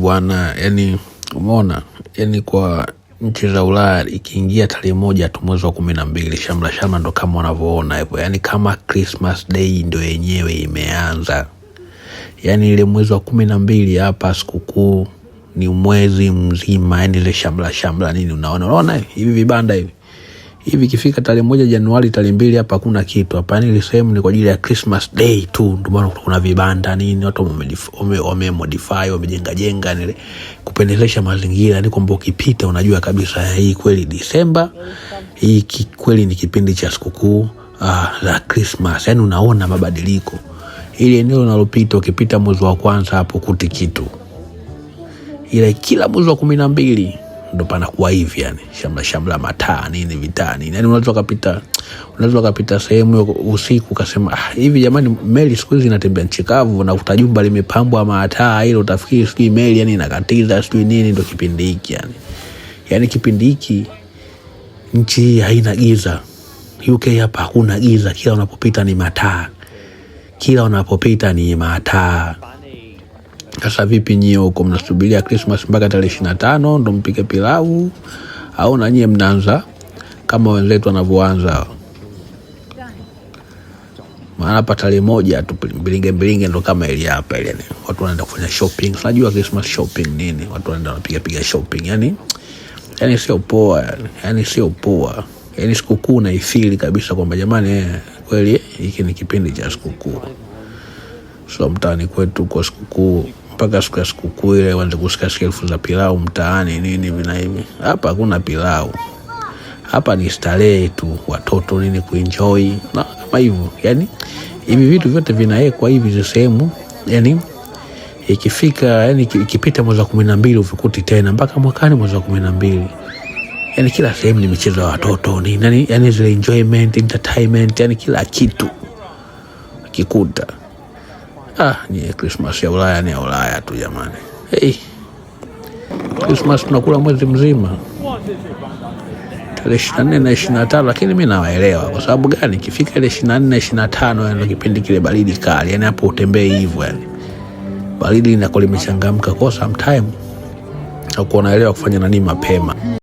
Bwana, yani umeona, yani kwa nchi za Ulaya ikiingia tarehe moja tu mwezi wa kumi na mbili, shamla shamla ndo kama wanavyoona hivo yani kama Christmas Day ndo yenyewe imeanza. Yani ile mwezi wa kumi na mbili hapa sikukuu ni mwezi mzima, yani ile shamla shamla nini, unaona unaona hivi vibanda hivi hivi ikifika tarehe moja Januari tarehe mbili hapa hakuna kitu hapa, yani ile sehemu ni kwa ajili ya Christmas day tu, ndio maana kuna vibanda nini, watu wamemodify, modify wamejenga jenga nile kupendezesha mazingira, yani kwamba ukipita unajua kabisa eh, hii kweli Disemba hii kweli ni kipindi cha sikukuu ah, za Christmas, yani unaona mabadiliko ili eneo unalopita ukipita mwezi wa kwanza hapo kuti kitu, ila kila mwezi wa kumi na mbili ndo panakuwa hivi yani, shamla shamla mataa nini vitaa nini yani, unaweza ukapita unaweza ukapita sehemu usiku ukasema, ah, hivi jamani, meli siku hizi inatembea nchi kavu, na utakuta jumba limepambwa mataa, ile utafikiri sijui meli yani inakatiza sijui nini. Ndo kipindi hiki yani, yani kipindi hiki nchi hii haina giza. UK hapa hakuna giza, kila unapopita ni mataa, kila unapopita ni mataa. Sasa vipi nyie huko, mnasubiria Krismas mpaka tarehe ishirini na tano ndo mpike pilau au na nyie mnaanza kama wenzetu wanavyoanza? Maana hapa tarehe moja tu mbilinge mbilinge ndo kama ili hapa ile ni watu wanaenda kufanya shopping. Unajua Christmas shopping nini, watu wanaenda wanapiga piga shopping, yani yani sio poa, yani yaani sio poa, yani sikukuu naifili kabisa kwamba jamani, eh, kweli hiki ni kipindi cha sikukuu, so mtaani kwetu kwa sikukuu mpaka siku ya sikukuu ile uanze kusika shelfu za pilau mtaani nini vina hivi. Hapa hakuna pilau, hapa ni starehe tu, watoto nini kuenjoy na kama hivyo. Yani hivi vitu vyote vinawekwa hivi sehemu, yani ikifika, yani ikipita mwezi wa kumi na mbili uvikuti tena mpaka mwakani mwezi wa kumi na mbili yani kila sehemu ni michezo ya watoto ni nani, yani zile enjoyment entertainment, yani kila kitu kikuta Ah, ni Christmas ya Ulaya ni ya Ulaya tu jamani. Hey. Christmas tunakula mwezi mzima tarehe ishirini na nne na ishirini na tano lakini mi nawaelewa kwa sababu gani? Ikifika ile ishirini na nne na ishirini na tano yaani kipindi kile baridi kali, yani hapo utembee hivyo, yani baridi inakuwa limechangamka, kwa sometime au naelewa kufanya nani mapema.